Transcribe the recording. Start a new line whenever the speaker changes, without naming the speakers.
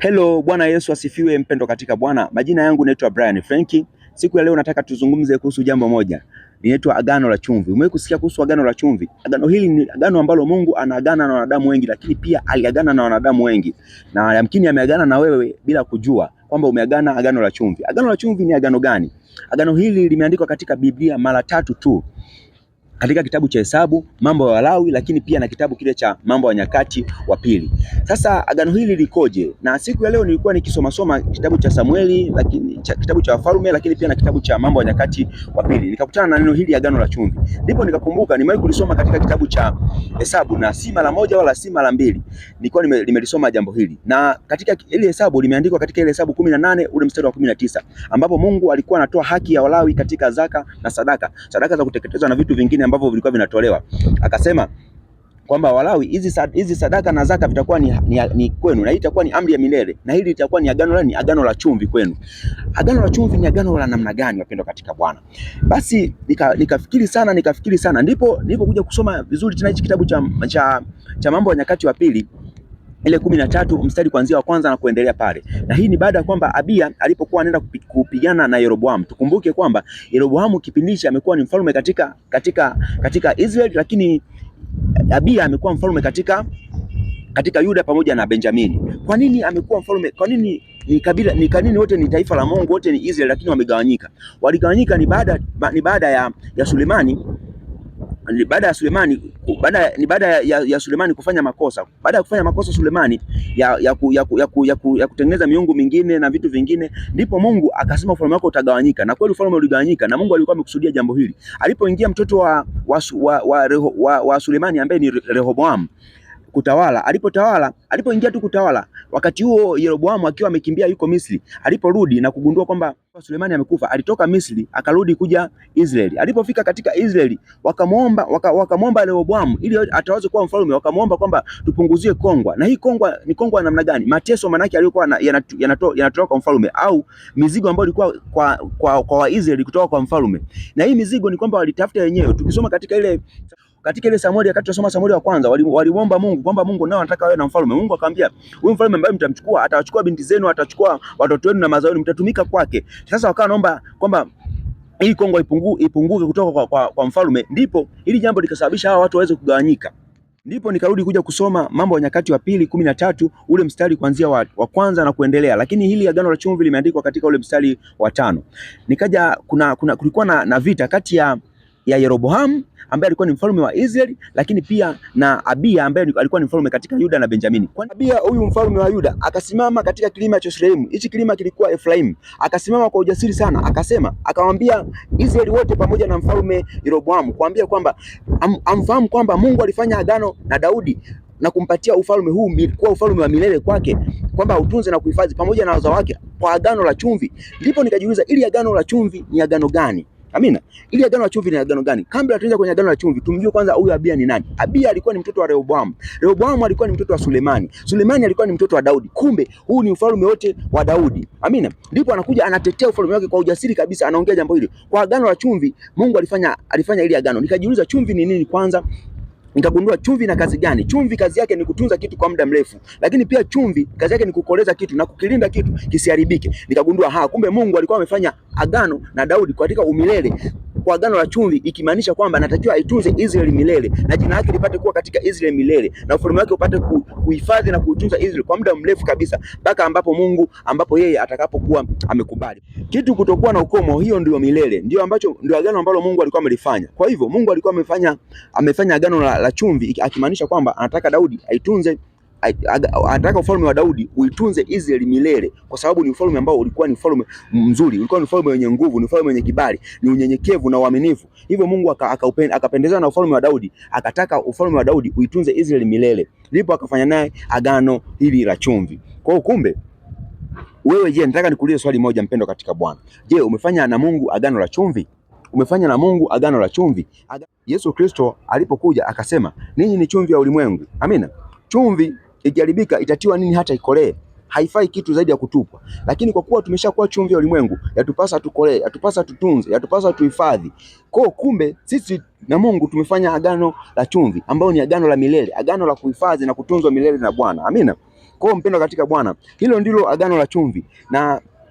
Hello, Bwana Yesu asifiwe. Mpendo katika Bwana, majina yangu naitwa Brian Frankie. Siku ya leo nataka tuzungumze kuhusu jambo moja, linaitwa agano la chumvi. Umewahi kusikia kuhusu agano la chumvi? Agano hili ni agano ambalo Mungu anaagana na wanadamu wengi, lakini pia aliagana na wanadamu wengi, na yamkini ameagana na wewe bila kujua kwamba umeagana agano la chumvi. Agano la chumvi ni agano gani? Agano hili limeandikwa katika Biblia mara tatu tu katika kitabu cha Hesabu, mambo ya Walawi, lakini pia na kitabu kile cha mambo ya Nyakati wa Pili. Sasa agano hili likoje? Na siku ya leo nilikuwa nikisoma soma kitabu cha Samueli, lakini cha kitabu cha Wafalme, lakini pia na kitabu cha mambo ya Nyakati wa Pili, nikakutana na neno hili agano la chumvi, ndipo nikakumbuka nimewahi kulisoma katika kitabu cha Hesabu, na si mara moja wala si mara mbili nilikuwa nimelisoma jambo hili, na katika ile Hesabu limeandikwa katika ile Hesabu 18 ule mstari wa 19 ambapo Mungu alikuwa anatoa haki ya Walawi katika zaka na sadaka, sadaka za kuteketezwa na vitu vingine ambavyo vilikuwa vinatolewa, akasema kwamba Walawi, hizi sadaka na zaka vitakuwa ni, ni, ni kwenu na hii itakuwa ni amri ya milele, na hili litakuwa ni agano la ni agano la chumvi kwenu. Agano la chumvi ni agano la namna gani, wapendwa katika Bwana? Basi nika, nikafikiri sana nikafikiri sana, ndipo nilipokuja kusoma vizuri tena hichi kitabu cha, cha, cha Mambo ya Nyakati wa Pili ile kumi na tatu mstari kuanzia wa kwanza na kuendelea pale, na hii ni baada ya kwamba Abia alipokuwa anaenda kupigana na Yeroboamu. Tukumbuke kwamba Yeroboamu kipindi hicho amekuwa ni mfalme katika, katika, katika Israeli, lakini Abia amekuwa mfalme katika, katika Yuda pamoja na Benjamini. Kwa nini amekuwa mfalme? Kwa nini ni kabila ni kanini? Wote ni taifa la Mungu, wote ni Israeli, lakini wamegawanyika. Waligawanyika ni baada ni baada ya, ya Sulemani baada ya Sulemani baada ni baada ya, ya Sulemani kufanya makosa, baada ya kufanya makosa Sulemani ya, ya, ku, ya, ku, ya, ku, ya, ku, ya kutengeneza miungu mingine na vitu vingine, ndipo Mungu akasema ufalme wako utagawanyika, na kweli ufalme uligawanyika, na Mungu alikuwa amekusudia jambo hili. Alipoingia mtoto wa, wa, wa, wa, wa, wa, wa Sulemani ambaye ni Rehoboam kutawala. Alipotawala, alipoingia tu kutawala, wakati huo Yeroboamu akiwa amekimbia yuko Misri, aliporudi na kugundua kwamba Sulemani amekufa, alitoka Misri akarudi kuja Israeli. Alipofika katika Israeli, wakamwomba wakamwomba Yeroboamu ili atawaze kuwa mfalme, wakamwomba kwamba tupunguzie kongwa. Na hii kongwa ni kongwa namna gani? Mateso manake aliyokuwa yanatoka kwa mfalme au mizigo ambayo ilikuwa kwa kwa Waisraeli kutoka kwa mfalme. Na hii mizigo ni kwamba walitafuta wenyewe. Tukisoma katika ile katika ile Samueli, wakati tunasoma Samueli wa kwanza, walimwomba Mungu kwamba Mungu nao anataka awe na mfalme. Mungu akamwambia, huyu mfalme ambaye mtamchukua atawachukua binti zenu, atachukua watoto wenu na mazao yenu, mtatumika kwake. Sasa wakawa naomba kwamba ili Kongo ipungu, ipunguke kutoka kwa, kwa, kwa mfalme, ndipo ili jambo likasababisha hawa watu waweze kugawanyika. Ndipo nikarudi kuja kusoma Mambo ya Nyakati wa Pili kumi na tatu ule mstari kuanzia wa, wa kwanza na kuendelea, lakini hili Agano la Chumvi limeandikwa katika ule mstari wa tano. Nikaja kuna, kuna kulikuwa na, na vita kati ya ya Yeroboam ambaye alikuwa ni mfalme wa Israeli, lakini pia na Abia ambaye alikuwa ni mfalme katika Yuda na Benjamini. Kwa Abia huyu mfalme wa Yuda akasimama katika kilima cha Efraimu, hichi kilima kilikuwa Efraimu, akasimama kwa ujasiri sana, akasema, akamwambia Israeli wote pamoja na mfalme Yeroboam kuambia kwamba am, amfahamu kwamba Mungu alifanya agano na Daudi na kumpatia ufalme huu kuwa ufalme wa milele kwake, kwamba utunze na kuhifadhi pamoja na wazao wake kwa agano la chumvi. Ndipo nikajiuliza ili agano la chumvi ni agano gani? Amina. Ili agano la chumvi ni agano gani? Kabla hatuanze kwenye agano la chumvi, tumjue kwanza huyu Abia ni nani. Abia alikuwa ni mtoto wa Rehoboamu. Rehoboamu alikuwa ni mtoto wa Sulemani. Sulemani alikuwa ni mtoto wa Daudi. Kumbe huu ni ufalme wote wa Daudi. Amina. Ndipo anakuja anatetea ufalme wake kwa ujasiri kabisa, anaongea jambo hili. Kwa agano la chumvi, Mungu alifanya alifanya ili agano. Nikajiuliza chumvi ni nini kwanza? nikagundua chumvi na kazi gani? Chumvi kazi yake ni kutunza kitu kwa muda mrefu, lakini pia chumvi kazi yake ni kukoleza kitu na kukilinda kitu kisiharibike. Nikagundua ha, kumbe Mungu alikuwa amefanya agano na Daudi katika umilele kwa agano la chumvi, ikimaanisha kwamba anatakiwa aitunze Israeli milele na jina lake lipate kuwa katika Israeli milele na ufalme wake upate kuhifadhi na kuutunza Israeli kwa muda mrefu kabisa, mpaka ambapo Mungu ambapo yeye atakapokuwa amekubali. Kitu kutokuwa na ukomo, hiyo ndio milele, ndio ambacho ndio agano ambalo Mungu alikuwa amelifanya. Kwa hivyo Mungu alikuwa amefanya amefanya agano la, la chumvi, akimaanisha kwamba anataka Daudi aitunze anataka ufalme wa Daudi uitunze Israeli milele, kwa sababu ni ufalme ambao ulikuwa ni ufalme mzuri, ulikuwa ni ufalme wenye nguvu, ni ufalme wenye kibali, ni unyenyekevu na uaminifu. Hivyo Mungu akapendezwa na ufalme wa Daudi, akataka ufalme wa Daudi uitunze Israeli milele, ndipo akafanya naye agano hili la chumvi. Kwa hiyo kumbe wewe je, nataka nikuulize swali moja mpendo katika Bwana. Je, umefanya na Mungu agano la chumvi? Umefanya na Mungu agano la chumvi? Yesu Kristo alipokuja akasema, ninyi ni chumvi ya ulimwengu. Amina. Chumvi ikiharibika itatiwa nini hata ikolee? Haifai kitu zaidi ya kutupwa lakini kwa kuwa tumeshakuwa chumvi ya ulimwengu, yatupasa tukolee, yatupasa tutunze, yatupasa tuhifadhi. Kwa kumbe sisi na Mungu tumefanya agano la chumvi, ambao ni agano la milele, agano la kuhifadhi na kutunzwa milele na Bwana. Amina. Kwa mpendo mpendwa katika Bwana, hilo ndilo agano la chumvi na